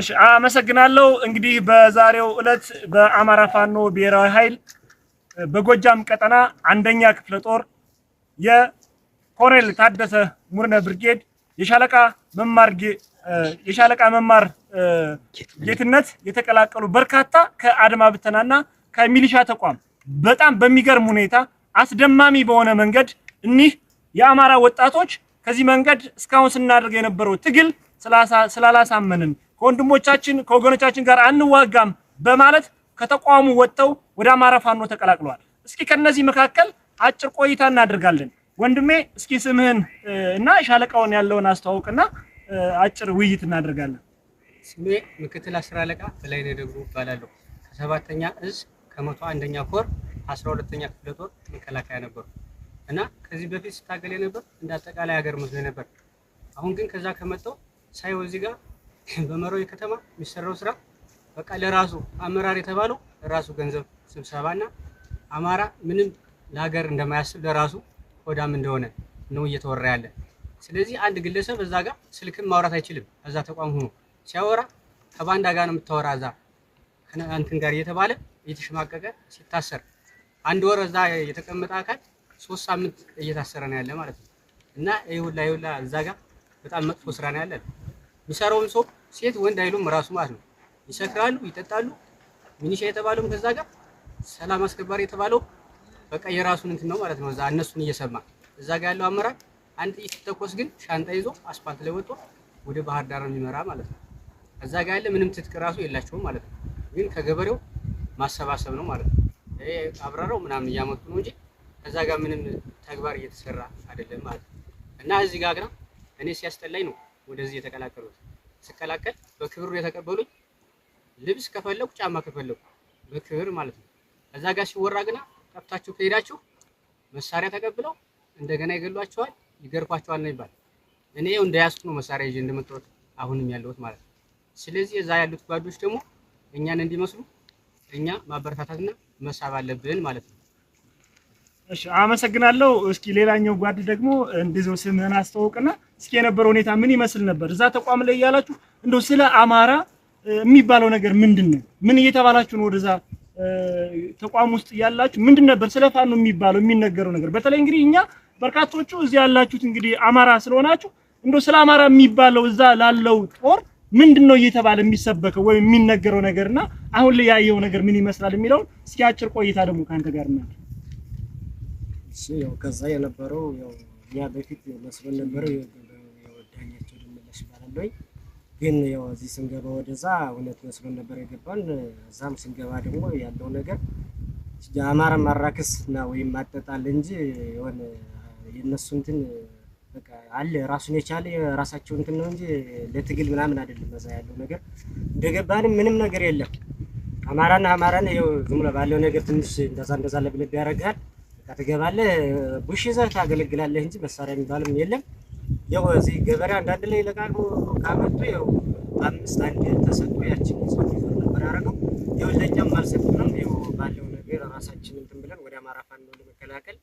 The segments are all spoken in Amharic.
እሺ አመሰግናለሁ። እንግዲህ በዛሬው ዕለት በአማራ ፋኖ ብሔራዊ ኃይል በጎጃም ቀጠና አንደኛ ክፍለ ጦር የኮሎኔል ታደሰ ሙርነ ብርጌድ የሻለቃ መማር የሻለቃ መማር ጌትነት የተቀላቀሉ በርካታ ከአድማ ብተናና ከሚሊሻ ተቋም በጣም በሚገርም ሁኔታ አስደማሚ በሆነ መንገድ እኒህ የአማራ ወጣቶች ከዚህ መንገድ እስካሁን ስናደርግ የነበረው ትግል ስላላሳመንን ከወንድሞቻችን ከወገኖቻችን ጋር አንዋጋም በማለት ከተቋሙ ወጥተው ወደ አማራ ፋኖ ተቀላቅለዋል። እስኪ ከነዚህ መካከል አጭር ቆይታ እናደርጋለን። ወንድሜ እስኪ ስምህን እና ሻለቃውን ያለውን አስተዋውቅና አጭር ውይይት እናደርጋለን። ስሜ ምክትል አስር አለቃ በላይነህ ደግሞ እባላለሁ። ከሰባተኛ እዝ ከመቶ አንደኛ ኮር አስራ ሁለተኛ ክፍለ ጦር መከላከያ ነበሩ እና ከዚህ በፊት ስታገል ነበር እንደ አጠቃላይ ሀገር መስሎኝ ነበር። አሁን ግን ከዛ ከመጣው ሳይሆን እዚህ ጋር በመራዊ ከተማ የሚሰራው ስራ በቃ ለራሱ አመራር የተባለው ለራሱ ገንዘብ ስብሰባና አማራ ምንም ለሀገር እንደማያስብ ለራሱ ሆዳም እንደሆነ ነው እየተወራ ያለ። ስለዚህ አንድ ግለሰብ እዛ ጋር ስልክም ማውራት አይችልም። እዛ ተቋም ሆኖ ሲያወራ ከባንዳ ጋር ነው የምታወራ እዛ ከእንትን ጋር እየተባለ እየተሸማቀቀ ሲታሰር አንድ ወር እዛ የተቀመጠ አካል ሶስት ሳምንት እየታሰረ ነው ያለ ማለት ነው። እና ይሁላ ይሁላ እዛ ጋር በጣም መጥፎ ስራ ነው ያለ። የሚሰራውም ሰው ሴት ወንድ አይሉም ራሱ ማለት ነው። ይሰክራሉ፣ ይጠጣሉ። ሚኒሻ የተባለውም ከዛ ጋር ሰላም አስከባሪ የተባለው በቃ የራሱን እንትን ነው ማለት ነው። እዛ እነሱን እየሰማ እዛ ጋር ያለው አመራር አንድ ጥይት ሲተኮስ ግን ሻንጣ ይዞ አስፋልት ላይ ወጥቶ ወደ ባህር ዳር የሚመራ ማለት ነው። እዛ ጋር ያለ ምንም ትጥቅ ራሱ የላቸውም ማለት ነው። ግን ከገበሬው ማሰባሰብ ነው ማለት ነው። ይሄ አብራራው ምናምን እያመጡ ነው እንጂ ከዛ ጋር ምንም ተግባር እየተሰራ አይደለም ማለት ነው። እና እዚህ ጋር እኔ ሲያስጠላኝ ነው ወደዚህ የተቀላቀሉት። ስቀላቀል በክብር የተቀበሉኝ። ልብስ ከፈለጉ ጫማ ከፈለጉ በክብር ማለት ነው። እዛ ጋር ሲወራ ግና ጠፍታችሁ ከሄዳችሁ መሳሪያ ተቀብለው እንደገና ይገሏቸዋል፣ ይገርፏቸዋል ነው ይባል። እኔ ያው ነው መሳሪያ ይዤ እንደመጣሁት አሁንም ያለሁት ማለት ነው። ስለዚህ እዛ ያሉት ጓዶች ደግሞ እኛን እንዲመስሉ እኛ ማበረታታትና መሳብ አለብን ማለት ነው። እሺ አመሰግናለሁ። እስኪ ሌላኛው ጓድ ደግሞ እንደዚሁ ስምህን አስተዋውቅና እስኪ የነበረው ሁኔታ ምን ይመስል ነበር እዛ ተቋም ላይ እያላችሁ እንደው ስለ አማራ የሚባለው ነገር ምንድን ነው? ምን እየተባላችሁ ነው? ወደዛ ተቋም ውስጥ እያላችሁ ምንድን ነበር ስለ ፋኖ የሚባለው የሚነገረው ነገር? በተለይ እንግዲህ እኛ በርካቶቹ እዚህ ያላችሁት እንግዲህ አማራ ስለሆናችሁ እንደው ስለ አማራ የሚባለው እዛ ላለው ጦር ምንድን ነው እየተባለ የሚሰበከው ወይም የሚነገረው ነገርና አሁን ላይ ያየው ነገር ምን ይመስላል የሚለውን እስኪ አጭር ቆይታ ደግሞ ከአንተ ጋር እናያለን። እሺ ያው ከዛ የነበረው ያው እኛ በፊት መስሎን ነበረው የወዳኛቸው ድመለሽ ይባላለሁ። ግን ያው እዚህ ስንገባ ወደዛ እውነት መስሎን ነበር የገባን። እዛም ስንገባ ደግሞ ያለው ነገር አማራ ማራክስ እና ወይም ማጠጣል እንጂ የሆነ የእነሱ እንትን በቃ አለ ራሱን የቻለ የራሳቸው እንትን ነው እንጂ ለትግል ምናምን አይደለም። በዛ ያለው ነገር እንደገባንም ምንም ነገር የለም። አማራና አማራን ይኸው ዝም ብሎ ባለው ነገር ትንሽ እንደዛ እንደዛ ለብለብ ያደርግሃል። ትገባለህ፣ ቡሽ ይዘህ ታገለግላለህ እንጂ መሳሪያ የሚባልም የለም። ያው እዚህ ገበሬ አንዳንድ ላይ ለቃሉ ካመጡ ያው አምስት አንድ ተሰጥቶ ያችን ሰው ነበር ያደረገው። ያው ለእኛም አልሰጡንም። ያው ባለው ነገር ራሳችን እንትን ብለን ወደ አማራ ፋኖ ለመቀላቀል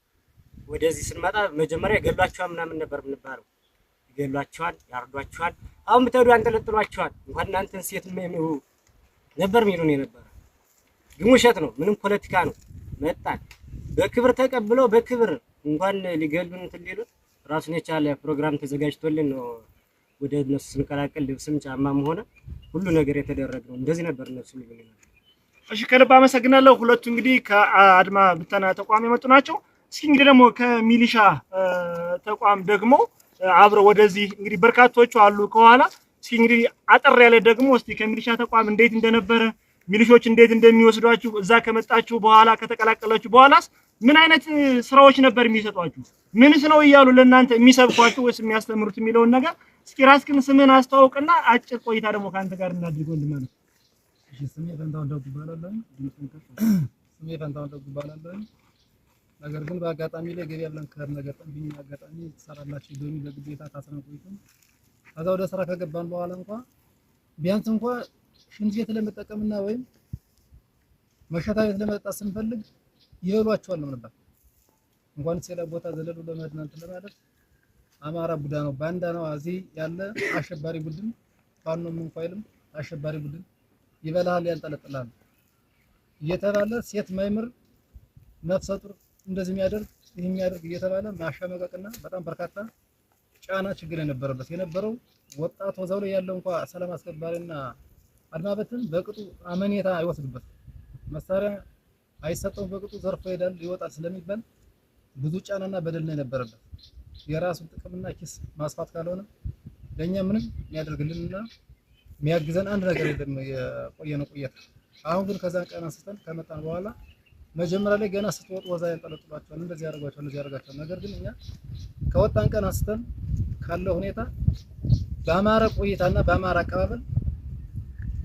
ወደዚህ ስንመጣ መጀመሪያ ገሏቸዋል ምናምን ነበር የምንባለው። ይገሏቸዋል፣ ያርዷቸዋል፣ አሁን ብትሄዱ ያንጠለጥሏቸዋል። እንኳን እናንተን ሴት ነበር የሚሉን የነበረ ግን ውሸት ነው። ምንም ፖለቲካ ነው። መጣን በክብር ተቀብለው በክብር እንኳን ሊገሉን እንትን ሊሉት ራሱን የቻለ ፕሮግራም ተዘጋጅቶልን ነው ወደ እነሱ ስንቀላቀል ልብስም ጫማም ሆነ ሁሉ ነገር ነው። እንደዚህ ነበር። እነሱ እሺ፣ ከልብ አመሰግናለሁ። ሁለቱ እንግዲህ ከአድማ ብተና ተቋም የመጡ ናቸው። እስኪ እንግዲህ ደግሞ ከሚሊሻ ተቋም ደግሞ አብረው ወደዚህ እንግዲህ በርካቶቹ አሉ ከኋላ። እስኪ እንግዲህ አጠር ያለ ደግሞ እስኪ ከሚሊሻ ተቋም እንዴት እንደነበረ ሚሊሾች እንዴት እንደሚወስዷችሁ እዛ ከመጣችሁ በኋላ ከተቀላቀላችሁ በኋላስ ምን አይነት ስራዎች ነበር የሚሰጧችሁ? ምንስ ነው እያሉ ለእናንተ የሚሰብኳችሁ ወይስ የሚያስተምሩት የሚለውን ነገር እስኪ ራስክን ስምህን አስተዋውቅና አጭር ቆይታ ደግሞ ከአንተ ጋር እናድርግ ወንድምህ እሺ ስሜ ፈንታሁን ደጉ እባላለሁ። ስሜ ፈንታሁን ደጉ እባላለሁ። ነገር ግን በአጋጣሚ ላይ ገበያ ያለን ከር ነገር ጠንብኝ አጋጣሚ ትሰራላችሁ በሚል ለግዴታ ታስረን ቆይተን ከዛ ወደ ስራ ከገባን በኋላ እንኳ ቢያንስ እንኳ ሽንት ቤት ለመጠቀምና ወይም መሸታ ቤት ለመጠጣት ስንፈልግ ይህሏቸዋል ነው ነበር እንኳን ሌላ ቦታ ዘለሉ ለመድናንት ለማለት አማራ ቡዳ ነው ባንዳ ነው። እዚህ ያለ አሸባሪ ቡድን ፋኖ ምን ፋይልም አሸባሪ ቡድን ይበላል ያንጠለጥላል እየተባለ ሴት ማይምር ነፍሰ ጡር እንደዚህ የሚያደርግ ይህ የሚያደርግ እየተባለ ማሸመቀቅና በጣም በርካታ ጫና ችግር የነበረበት የነበረው ወጣት ወዛው ላይ ያለው እንኳ ሰላም አስከባሪና አድማበትን በቅጡ አመኔታ አይወስድበት መሳሪያ አይሰጠውም በቅጡ ዘርፎ ይሄዳል ይወጣል ስለሚባል ብዙ ጫናና በደል ነው የነበረበት። የራሱን ጥቅምና ኪስ ማስፋት ካልሆነ ለእኛ ምንም የሚያደርግልንና የሚያግዘን አንድ ነገር የለም የቆየነው ቆየት። አሁን ግን ከዛን ቀን አንስተን ከመጣን በኋላ መጀመሪያ ላይ ገና ስትወጡ ወዛ ያንጠለጥሏቸዋል፣ እንደዚህ ያደርጓቸዋል፣ እንደዚህ ያደርጋቸዋል። ነገር ግን እኛ ከወጣን ቀን አንስተን ካለው ሁኔታ በአማራ ቆይታና በአማራ አቀባበል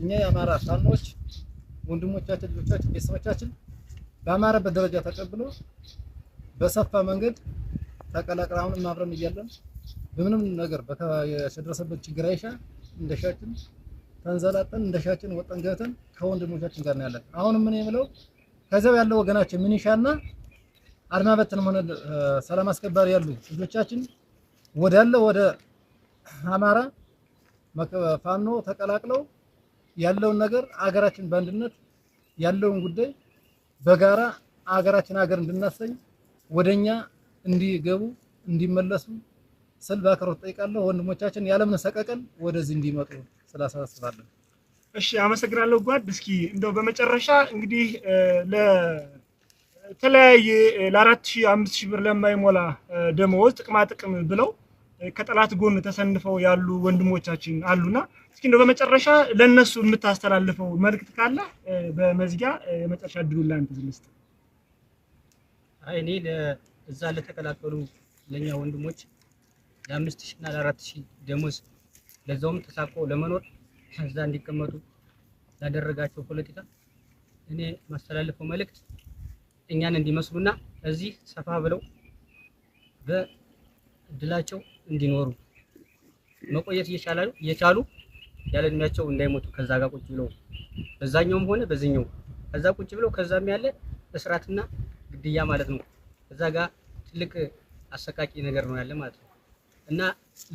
እኛ የአማራ ፋኖዎች ወንድሞቻችን፣ ልጆቻችን፣ ቤተሰቦቻችን በአማረበት ደረጃ ተቀብሎ በሰፋ መንገድ ተቀላቅለ አሁንም አብረን እያለን በምንም ነገር የተደረሰበት ችግር አይሻ እንደሻችን ተንዘላጠን እንደሻችን ወጠን ገብተን ከወንድሞቻችን ጋር ያለን። አሁን ምን የምለው ከዚያው ያለው ወገናችን ሚኒሻና አድማ በትንም ሆነ ሰላም አስከባሪ ያሉ ልጆቻችን ወዳለው ወደ አማራ ፋኖ ተቀላቅለው ያለውን ነገር አገራችን በአንድነት ያለውን ጉዳይ በጋራ አገራችን ሀገር እንድናሰኝ ወደኛ እንዲገቡ እንዲመለሱ ስል በአክብሮት ጠይቃለሁ። ወንድሞቻችን ያለምን ሰቀቀን ወደዚህ እንዲመጡ ስላሳስባለን። እሺ፣ አመሰግናለሁ ጓድ። እስኪ እንደው በመጨረሻ እንግዲህ ለተለያየ ለአራት ሺህ አምስት ሺህ ብር ለማይሞላ ደመወዝ ጥቅማጥቅም ብለው ከጠላት ጎን ተሰንፈው ያሉ ወንድሞቻችን አሉና እስኪ እንደው በመጨረሻ ለነሱ የምታስተላልፈው መልእክት ካለ በመዝጊያ የመጨረሻ እድሉን ለአንተ ልስጥ። እኔ እዛ ለተቀላቀሉ ለእኛ ወንድሞች ለአምስት ሺህ እና ለአራት ሺህ ደሞዝ ለዛውም ተሳቆ ለመኖር እዛ እንዲቀመጡ ላደረጋቸው ፖለቲካ እኔ ማስተላልፈው መልእክት እኛን እንዲመስሉና እዚህ ሰፋ ብለው በእድላቸው እንዲኖሩ መቆየት እየቻሉ ያለ እድሜያቸው እንዳይሞቱ ከዛ ጋር ቁጭ ብለው በዛኛውም ሆነ በዚህኛው ከዛ ቁጭ ብለው ከዛም ያለ እስራትና ግድያ ማለት ነው። እዛ ጋር ትልቅ አሰቃቂ ነገር ነው ያለ ማለት ነው። እና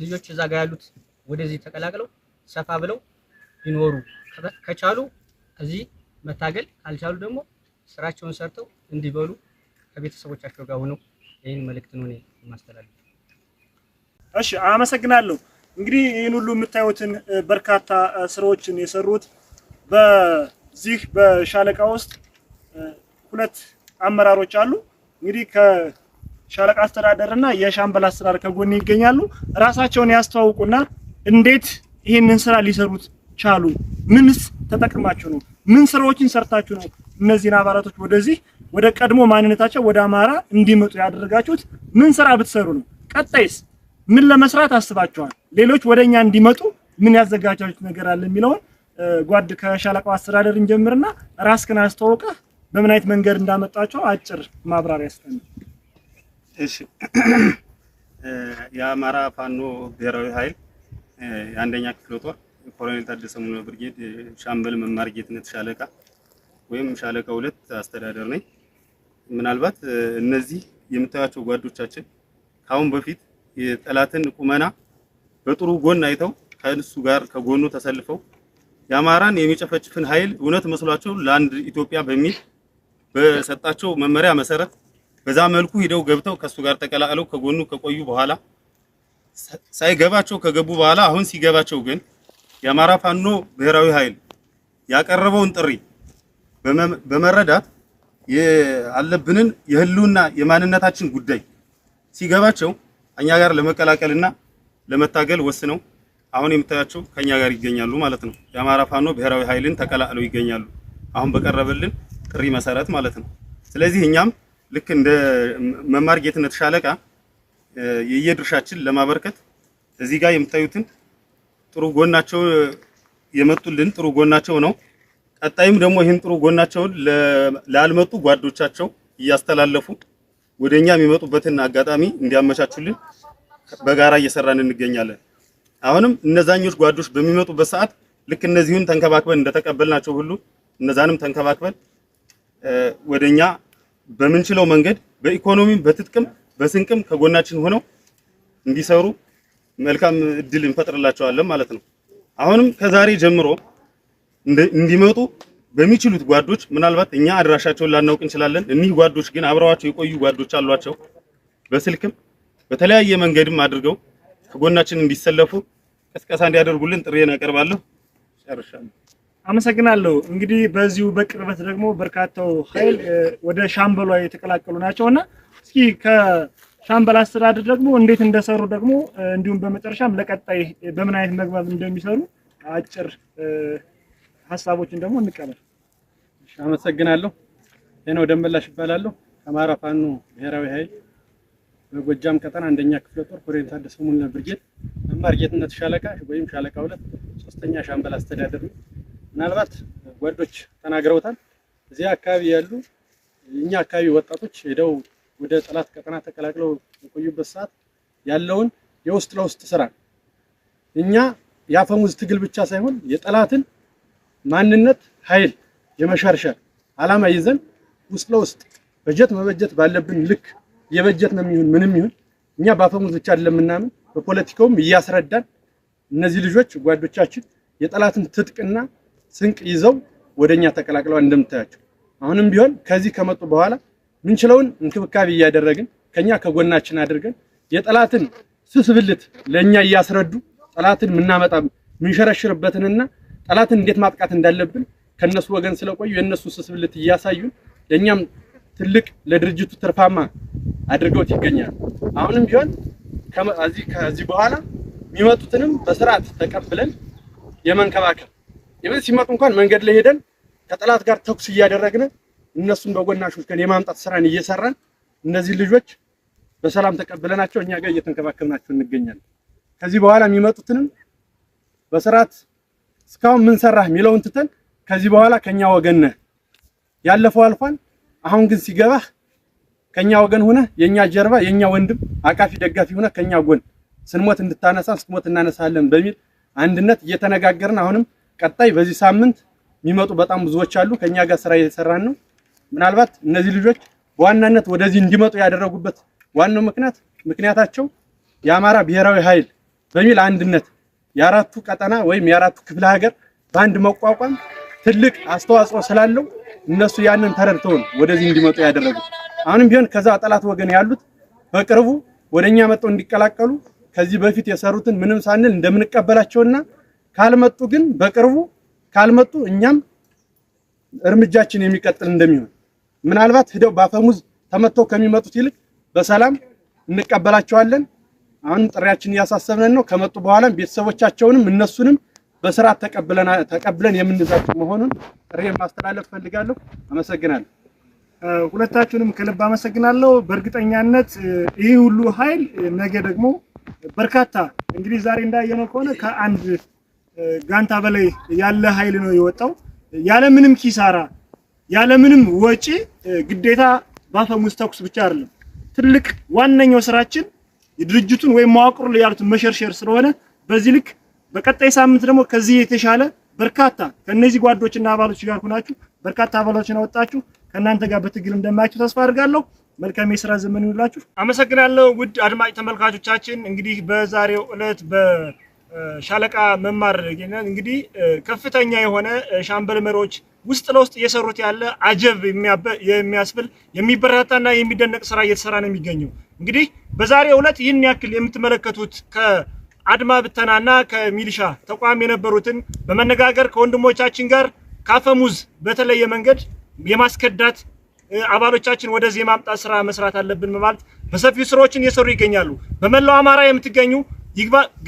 ልጆች እዛ ጋር ያሉት ወደዚህ ተቀላቅለው ሰፋ ብለው ይኖሩ ከቻሉ እዚህ መታገል ካልቻሉ ደግሞ ስራቸውን ሰርተው እንዲበሉ ከቤተሰቦቻቸው ጋር ሆነው ይህን መልእክት ነው እኔ የማስተላለፍ እሺ፣ አመሰግናለሁ። እንግዲህ ይህን ሁሉ የምታዩትን በርካታ ስራዎችን የሰሩት በዚህ በሻለቃ ውስጥ ሁለት አመራሮች አሉ። እንግዲህ ከሻለቃ አስተዳደር እና የሻምበል አስተዳደር ከጎን ይገኛሉ። ራሳቸውን ያስተዋውቁና እንዴት ይህንን ስራ ሊሰሩት ቻሉ? ምንስ ተጠቅማችሁ ነው? ምን ስራዎችን ሰርታችሁ ነው እነዚህን አባላቶች ወደዚህ ወደ ቀድሞ ማንነታቸው ወደ አማራ እንዲመጡ ያደረጋችሁት? ምን ስራ ብትሰሩ ነው? ቀጣይስ ምን ለመስራት አስባችኋል? ሌሎች ወደኛ እንዲመጡ ምን ያዘጋጃችሁት ነገር አለ የሚለውን ጓድ ከሻለቃው አስተዳደር እንጀምርና ራስክን አስተዋውቀህ በምን አይነት መንገድ እንዳመጣቸው አጭር ማብራሪያ ስጠን። እሺ፣ የአማራ ፋኖ ብሔራዊ ኃይል የአንደኛ ክፍለ ጦር ኮሎኔል ታደሰ ሙሉ ብርጌድ ሻምበል መማር ጌትነት ሻለቃ ወይም ሻለቃ ሁለት አስተዳደር ነኝ። ምናልባት እነዚህ የምታያቸው ጓዶቻችን ከአሁን በፊት የጠላትን ቁመና በጥሩ ጎን አይተው ከእሱ ጋር ከጎኑ ተሰልፈው የአማራን የሚጨፈጭፍን ኃይል እውነት መስሏቸው ለአንድ ኢትዮጵያ በሚል በሰጣቸው መመሪያ መሰረት በዛ መልኩ ሂደው ገብተው ከሱ ጋር ተቀላቅለው ከጎኑ ከቆዩ በኋላ ሳይገባቸው ከገቡ በኋላ አሁን ሲገባቸው ግን የአማራ ፋኖ ብሔራዊ ኃይል ያቀረበውን ጥሪ በመረዳት ያለብንን የህልውና የማንነታችን ጉዳይ ሲገባቸው እኛ ጋር ለመቀላቀልና ለመታገል ወስነው አሁን የምታያቸው ከኛ ጋር ይገኛሉ ማለት ነው። የአማራ ፋኖ ብሔራዊ ኃይልን ተቀላቅለው ይገኛሉ አሁን በቀረበልን ጥሪ መሰረት ማለት ነው። ስለዚህ እኛም ልክ እንደ መማር ጌትነት ሻለቃ የየድርሻችን ለማበርከት እዚህ ጋር የምታዩትን ጥሩ ጎናቸው የመጡልን ጥሩ ጎናቸው ነው። ቀጣይም ደግሞ ይህን ጥሩ ጎናቸውን ላልመጡ ጓዶቻቸው እያስተላለፉ ወደኛ የሚመጡበትን አጋጣሚ እንዲያመቻቹልን በጋራ እየሰራን እንገኛለን። አሁንም እነዛኞች ጓዶች በሚመጡበት ሰዓት ልክ እነዚሁን ተንከባክበን እንደተቀበልናቸው ሁሉ እነዛንም ተንከባክበን ወደኛ በምንችለው መንገድ በኢኮኖሚም በትጥቅም በስንቅም ከጎናችን ሆነው እንዲሰሩ መልካም እድል እንፈጥርላቸዋለን ማለት ነው። አሁንም ከዛሬ ጀምሮ እንዲመጡ በሚችሉት ጓዶች ምናልባት እኛ አድራሻቸውን ላናውቅ እንችላለን። እኒህ ጓዶች ግን አብረዋቸው የቆዩ ጓዶች አሏቸው። በስልክም በተለያየ መንገድም አድርገው ከጎናችን እንዲሰለፉ ቀስቀሳ እንዲያደርጉልን ጥሪዬን አቀርባለሁ። ጨርሻለሁ። አመሰግናለሁ። እንግዲህ በዚሁ በቅርበት ደግሞ በርካታው ኃይል ወደ ሻምበሏ የተቀላቀሉ ናቸው እና እስኪ ከሻምበል አስተዳደር ደግሞ እንዴት እንደሰሩ ደግሞ እንዲሁም በመጨረሻም ለቀጣይ በምን አይነት መግባብ እንደሚሰሩ አጭር ሀሳቦችን ደግሞ እንቀበል። አመሰግናለሁ። ሄኖ ደመላሽ ይባላለሁ። አማራ ፋኖ ብሔራዊ ኃይል በጎጃም ቀጠና አንደኛ ክፍለ ጦር ኮሬንት አዲስ ሙሉ ብርጌድ መማር ጌትነት ሻለቃ ወይም ሻለቃ ሁለት ሶስተኛ ሻምበል አስተዳደር ነው። ምናልባት ጓዶች ተናግረውታል። እዚህ አካባቢ ያሉ እኛ አካባቢ ወጣቶች ሄደው ወደ ጠላት ቀጠና ተቀላቅለው የቆዩበት ሰዓት ያለውን የውስጥ ለውስጥ ስራ እኛ የአፈሙዝ ትግል ብቻ ሳይሆን የጠላትን ማንነት ኃይል የመሸርሸር አላማ ይዘን ውስጥ ለውስጥ በጀት መበጀት ባለብን ልክ የበጀት ነው የሚሆን ምንም ይሁን እኛ በአፈሙዝ ብቻ አይደለም ምናምን በፖለቲካውም እያስረዳን እነዚህ ልጆች ጓዶቻችን የጠላትን ትጥቅና ስንቅ ይዘው ወደኛ ተቀላቅለዋል። እንደምታያቸው አሁንም ቢሆን ከዚህ ከመጡ በኋላ ምንችለውን እንክብካቤ እያደረግን ከኛ ከጎናችን አድርገን የጠላትን ስስብልት ለኛ እያስረዱ ጠላትን ምናመጣ ምንሸረሽርበትንና ጠላትን እንዴት ማጥቃት እንዳለብን ከነሱ ወገን ስለቆዩ የነሱ ስስብልት እያሳዩን ለእኛም ትልቅ ለድርጅቱ ትርፋማ አድርገውት ይገኛሉ። አሁንም ቢሆን ከዚህ በኋላ የሚመጡትንም በስርዓት ተቀብለን የመንከባከብ ይበል ሲመጡ እንኳን መንገድ ላይ ሄደን ከጠላት ጋር ተኩስ እያደረግን እነሱን በጎናሾች ከን የማምጣት ስራን እየሰራን እነዚህ ልጆች በሰላም ተቀብለናቸው እኛ ጋር እየተንከባከብናቸው እንገኛለን። ከዚህ በኋላ የሚመጡትንም በስርዓት እስካሁን ምን ሰራህ የሚለውን ትተን ከዚህ በኋላ ከኛ ወገን ነህ። ያለፈው አልፏል። አሁን ግን ሲገባህ ከኛ ወገን ሆነ የኛ ጀርባ የኛ ወንድም አቃፊ ደጋፊ ሆነ ከኛ ጎን ስንሞት እንድታነሳ ስትሞት እናነሳለን በሚል አንድነት እየተነጋገርን አሁንም ቀጣይ በዚህ ሳምንት የሚመጡ በጣም ብዙዎች አሉ። ከኛ ጋር ስራ እየሰራን ነው። ምናልባት እነዚህ ልጆች በዋናነት ወደዚህ እንዲመጡ ያደረጉበት ዋናው ምክንያት ምክንያታቸው የአማራ ብሔራዊ ኃይል በሚል አንድነት የአራቱ ቀጠና ወይም የአራቱ ክፍለ ሀገር በአንድ መቋቋም ትልቅ አስተዋጽኦ ስላለው እነሱ ያንን ተረድተውን ወደዚህ እንዲመጡ ያደረጉት። አሁንም ቢሆን ከዛ ጠላት ወገን ያሉት በቅርቡ ወደኛ መጥተው እንዲቀላቀሉ ከዚህ በፊት የሰሩትን ምንም ሳንል እንደምንቀበላቸውና ካልመጡ ግን በቅርቡ ካልመጡ እኛም እርምጃችን የሚቀጥል እንደሚሆን ምናልባት ሂደው ባፈሙዝ ተመተው ከሚመጡት ይልቅ በሰላም እንቀበላቸዋለን። አሁን ጥሪያችን እያሳሰብነን ነው። ከመጡ በኋላም ቤተሰቦቻቸውንም እነሱንም በስርዓት ተቀብለን የምንዛቸው መሆኑን ጥሪ ማስተላለፍ ፈልጋለሁ። አመሰግናለሁ። ሁለታችሁንም ከልብ አመሰግናለሁ። በእርግጠኛነት ይህ ሁሉ ኃይል ነገ ደግሞ በርካታ እንግዲህ ዛሬ እንዳየነው ከሆነ ከአንድ ጋንታ በላይ ያለ ኃይል ነው የወጣው ያለምንም ኪሳራ ያለምንም ወጪ ግዴታ ባፈሙዝ ተኩስ ብቻ አይደለም። ትልቅ ዋነኛው ስራችን የድርጅቱን ወይም ላይ ያሉት መሸርሸር ስለሆነ በዚህ ልክ በቀጣይ ሳምንት ደግሞ ከዚህ የተሻለ በርካታ ከነዚህ ጓዶችና አባሎች ጋር ሆናችሁ በርካታ አባሎችን አወጣችሁ ከእናንተ ጋር በትግል እንደማያችሁ ተስፋ አድርጋለሁ። መልካም የስራ ዘመን ይሁንላችሁ። አመሰግናለሁ። ውድ አድማጭ ተመልካቾቻችን እንግዲህ በዛሬው ዕለት በሻለቃ መማር እንግዲህ ከፍተኛ የሆነ ሻምበል መሪዎች ውስጥ ለውስጥ እየሰሩት ያለ አጀብ የሚያስብል የሚበረታታና የሚደነቅ ስራ እየተሰራ ነው የሚገኘው እንግዲህ በዛሬ ዕለት ይህን ያክል የምትመለከቱት ከአድማ ብተናና ከሚሊሻ ተቋም የነበሩትን በመነጋገር ከወንድሞቻችን ጋር ካፈሙዝ በተለየ መንገድ የማስከዳት አባሎቻችን ወደዚህ የማምጣት ስራ መስራት አለብን በማለት በሰፊው ስራዎችን እየሰሩ ይገኛሉ። በመላው አማራ የምትገኙ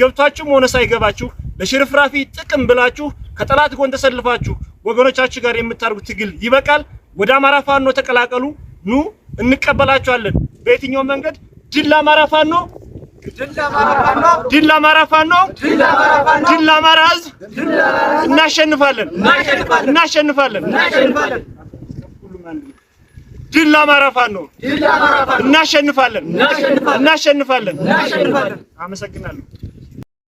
ገብቷችሁም ሆነ ሳይገባችሁ ለሽርፍራፊ ጥቅም ብላችሁ ከጠላት ጎን ተሰልፋችሁ ወገኖቻችሁ ጋር የምታደርጉት ትግል ይበቃል። ወደ አማራ ፋኖ ተቀላቀሉ። ኑ፣ እንቀበላችኋለን በየትኛው መንገድ ድል ለአማራ ፋኖ ነው። ድል ለአማራ ፋኖ ነው። ድል ለአማራ ሕዝብ። እናሸንፋለን! እናሸንፋለን! ድል ለአማራ ፋኖ እናሸንፋለን! እናሸንፋለን! አመሰግናለሁ።